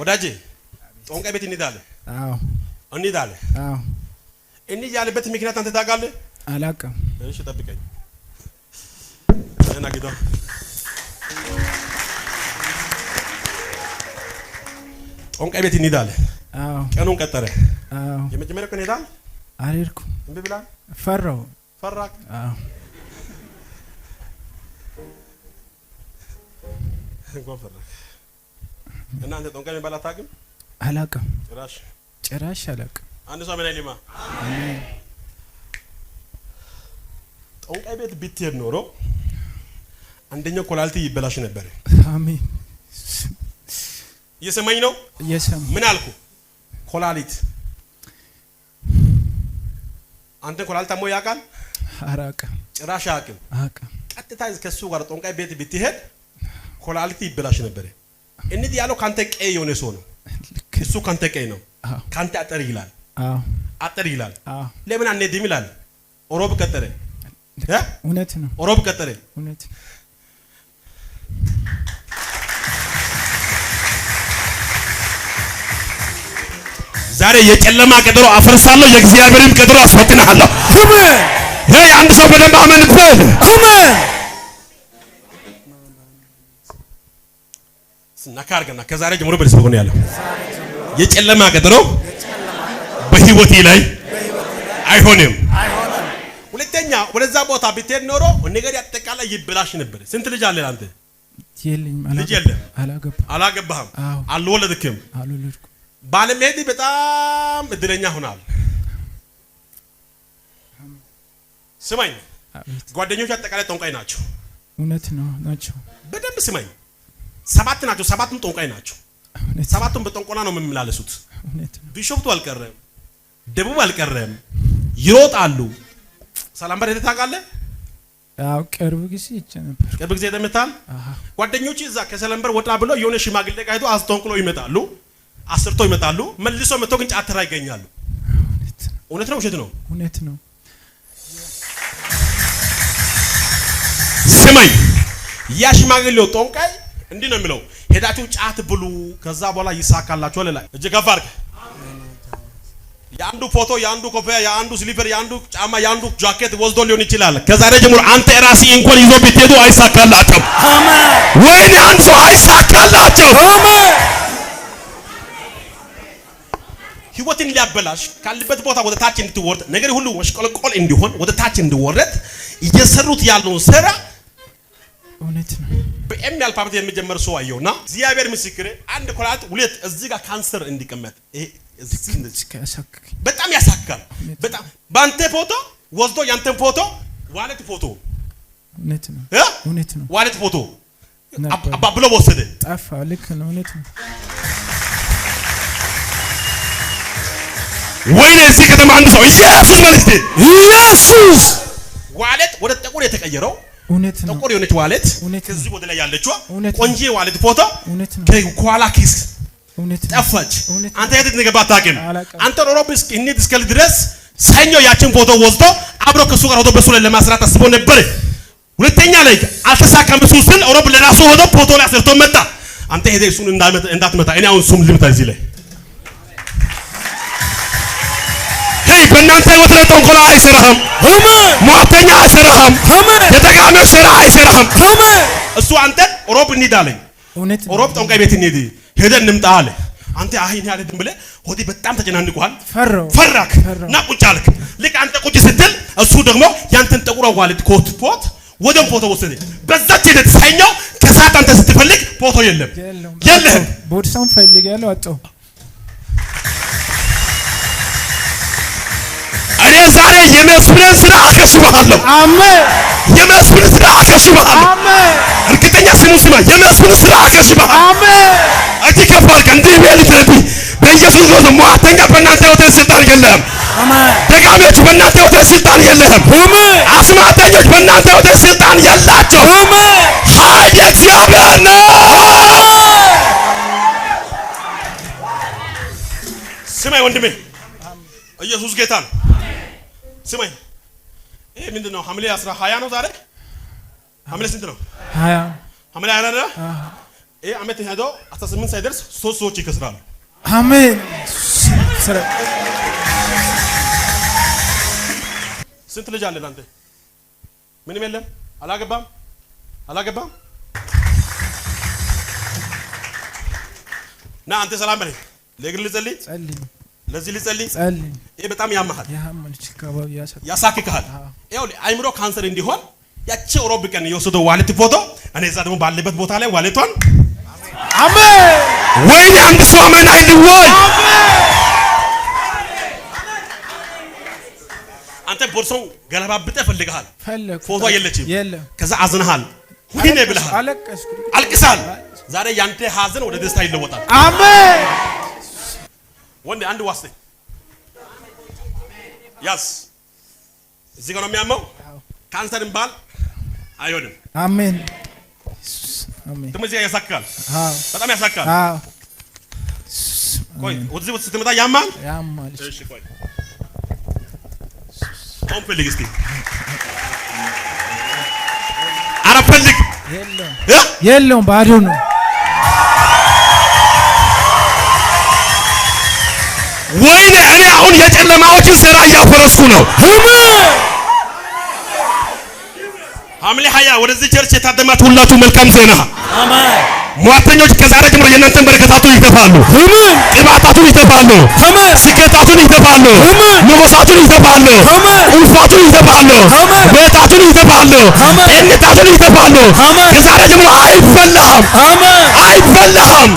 ወዳጄ ጦንቃ ቤት እንሄዳለን። አዎ እንሄዳለን። አዎ እንሂድ ምክንያት አንተ ታውቃለህ? አላውቅም። እሺ ጠብቀኝ። ደህና ጌታ ጦንቃ ቤት እንሄዳለን። አዎ ቀኑን ቀጠረ። አዎ የመጀመሪያ ቀን ሄዳል። አልሄድኩም። እምቢ ብላል። ፈራሁ። ፈራክ? አዎ እንኳን ፈራክ እናንተ ጦንቀን የሚባል አታውቅም? አላውቅም። ጭራሽ ጭራሽ አላውቅም። አንድ ሰው ምን ሊማ አሜን። ጠንቋይ ቤት ብትሄድ ኖሮ አንደኛው ኮላልቲ ይበላሽ ነበር። አሜን። እየሰማኝ ነው? እየሰማኝ ምን አልኩ? ኮላሊት አንተ ኮላልታ አሞ ያውቃል? አራቅም ጭራሽ አያውቅም። ቀጥታ ከሱ ጋር ጦንቃይ ቤት ብትሄድ ኮላሊት ይበላሽ ነበር። እንዴ ያለው ካንተ ቀይ የሆነ ሰው ነው። እሱ ካንተ ቀይ ነው። ካንተ አጠር ይላል። አዎ አጠር ይላል። አዎ ለምን አንሄድም ይላል። ኦሮብ ቀጠረ። እውነት ነው። ኦሮብ ቀጠረ። እውነት ዛሬ የጨለማ ቀጠሮ አፈርሳለሁ። የእግዚአብሔርን ቀጠሮ አስፈትናለሁ። አሜን። ይሄ አንድ ሰው በደንብ አመን በል። አሜን። ስናካ አድርገና ከዛሬ ጀምሮ በደስ ነው ያለው። የጨለማ ቀጠሮ በህይወቴ ላይ አይሆንም። ሁለተኛ ወደዛ ቦታ ብትሄድ ኖሮ ነገር ያጠቃላይ ይብላሽ ነበር። ስንት ልጅ አለ አንተ? ልጅ የለም፣ አላገባህም፣ አልወለድክም። ባለመሄድ በጣም እድለኛ ሆናል። ስማኝ፣ ጓደኞች አጠቃላይ ጠንቋይ ናቸው። እውነት ነው ናቸው። በደንብ ስማኝ ሰባት ናቸው። ሰባቱም ጠንቋይ ናቸው። ሰባቱም በጠንቆላ ነው የሚመላለሱት። ቢሾፍቱ አልቀረም፣ ደቡብ አልቀረም፣ ይሮጣሉ። ሰላም በረቴ ታውቃለህ? ቅርብ ጊዜ ይቼ ነበር። ቅርብ ጊዜ ተመታል። ጓደኞች እዛ ከሰላም በር ወጣ ብሎ የሆነ ሽማግሌ ጋር ሄዶ አስተንቅሎ ይመጣሉ፣ አስርቶ ይመጣሉ። መልሶ መቶ ግን ጫትራ ይገኛሉ። እውነት ነው ውሸት ነው? እውነት ነው። ስማኝ ያ ሽማግሌው ጠንቋይ እንዲህ ነው የሚለው፣ ሄዳችሁ ጫት ብሉ፣ ከዛ በኋላ ይሳካላችሁ። ላይ እጅ ከፍ አድርገህ የአንዱ ፎቶ፣ የአንዱ ኮፍያ፣ የአንዱ ስሊፐር፣ የአንዱ ጫማ፣ የአንዱ ጃኬት ወስዶ ሊሆን ይችላል። ከዛሬ ጀምሮ አንተ ራሲ እንኳን ይዞ ብትሄዱ አይሳካላችሁ። አሜን። ወይኔ አንሶ አይሳካላችሁ። አሜን። ህይወትን ሊያበላሽ ካለበት ቦታ ወደ ታች እንድትወርድ ነገር ሁሉ ወሽቆልቆል እንዲሆን ወደ ታች እንዲወረድ እየሰሩት ያለውን ስራ እውነት ነው። በኤም አልፋበት የሚጀመር ሰው አየው እና እግዚአብሔር ምስክሬ አንድ ኩላት ሁለት እዚህ ጋር ካንሰር እንዲቀመጥ በጣም ያሳካል። በጣም በአንተ ፎቶ ወስዶ ያንተን ፎቶ ዋለት ፎቶ እውነት ነው። ዋለት ፎቶ አባ ብሎ ወሰደ ጠፋ። ልክ ነው። እውነት ነው። ወይኔ እዚህ ከተማ አንድ ሰው ኢየሱስ በል ኢየሱስ ዋለት ወደ ጥቁር የተቀየረው ጥቁር የሆነች ዋሌት ከዚህ ወደ ላይ ያለችዋ ቆንጆ ዋሌት ፎቶ ከኋላ ኪስ ጠፋች። አንተ የት እንደገባ አታውቅም። አንተ ሮሮብ እንሂድ እስከል ድረስ ሰኞ ያችን ፎቶ ወስዶ አብሮ ከሱ ጋር ሆዶ በሱ ላይ ለማስራት አስቦ ነበር። ሁለተኛ ላይ አልተሳካም። እሱ ስል ሮብ ለራሱ ሆዶ ፎቶ ላይ አሰርቶ መጣ። አንተ ሄደህ እሱን እንዳትመታ እኔ አሁን እሱም ልምታ እዚህ ላይ በእናንተ ህይወት ላይ ተንኮላ አይሰራህም። ሟርተኛ አይሰራህም። የተቃሚዎች ስራ አይሰራህም። እሱ አንተ ሮብ እንሂድ አለኝ። ሮብ ጠንቋይ ቤት እንሂድ ሄደን እንምጣ አለ። አንተ አይን ያለ ድም ብለህ ሆዴ በጣም ተጨናንቋል። ፈራው ፈራክ እና ቁጭ አልክ። ልክ አንተ ቁጭ ስትል እሱ ደግሞ ያንተን ጠቁራ ዋልት ኮት ፖት ወደም ፎቶ ወሰደ። በዛች ዕለት ሰኞ ከሰዓት አንተ ስትፈልግ ፎቶ የለም የለም ቦርሳም ፈልጋለሁ አጣሁ ዛሬ የመስፍንን ስራ አከሽዋለሁ። አሜን። የመስፍን ስራ አከሽዋለሁ። አሜን። እርግጠኛ ስሙ ስማ፣ የመስፍን ስራ አከሽዋለሁ። አሜን። እጅ ከፍ አድርግ፣ በኢየሱስ ክርስቶስ ሟተኛ በእናንተ ወተት ስልጣን የለህም። ደጋሚዎች በእናንተ ወተት ስልጣን የለህም። አስማተኞች በእናንተ ወተት ስልጣን የላቸው። ኃይል የእግዚአብሔር ነው። ስማ ወንድሜ፣ ኢየሱስ ጌታ ነው። ስመኝ ይሄ ምንድን ነው? ሐምሌ አስራ ሀያ ነው ዛሬ። ሐምሌ ስንት ነው? ሀያ ሐምሌ ሀያ ነው። ይሄ አመት ሄዶ አስራ ስምንት ሳይደርስ ሶስት ሰዎች ይከስራሉ። አሜን። ስንት ልጅ አለ አንተ? ምንም የለም። አላገባም አላገባም። ና አንተ ሰላም በለኝ። ለግል ጸልይ ጸልይ ለዚህ ልጸልይ ይሄ በጣም ያመሃል፣ ያሳክካል። ያው አይምሮ ካንሰር እንዲሆን ያቺ ሮብ ቀን የወሰደው ዋሌት ፎቶ እኔ እዛ ደግሞ ባለበት ቦታ ላይ ዋሌቷን አሜን። ወይኔ አንድ ሰው አሜን አይል አንተ ቦርሶን ገለባብጠህ ፈልግሃል፣ ፎቶ የለችም። ከዛ አዝነሃል፣ ሁኔ ብለሃል፣ አልቅሳል። ዛሬ ያንተ ሀዘን ወደ ደስታ ይለወጣል። አሜን ወንድ አንድ ዋስቴ ያስ እዚህ ጋር ነው የሚያመው። ካንሰር ባል አይሆንም። አሜን። ደግሞ እዚህ ያሳክካል፣ በጣም ያሳክካል። ቆይ ወደዚህ ስትመጣ ያማል፣ ያማል። እሺ ቆይ ጾም ፈልግ እስኪ፣ ኧረ ፈልግ። የለውም፣ ባዶ ነው ወይኔ እኔ አሁን የጨለማዎችን ስራ እያፈረስኩ ነው። ሐምሌ ሀያ ወደዚህ ቸርች የታደማት ሁላችሁ መልካም ዜና። ሟተኞች ከዛሬ ጀምሮ የእናንተን በረከታቱን ይተፋሉ፣ ቅባታቱን ይተፋሉ፣ ስኬታቱን ይተፋሉ፣ ንጉሳቱን ይተፋሉ፣ ቁልፋቱን ይተፋሉ፣ ቤታቱን ይተፋሉ፣ ጤንነታቱን ይተፋሉ። ከዛሬ ጀምሮ አይበላም፣ አይበላም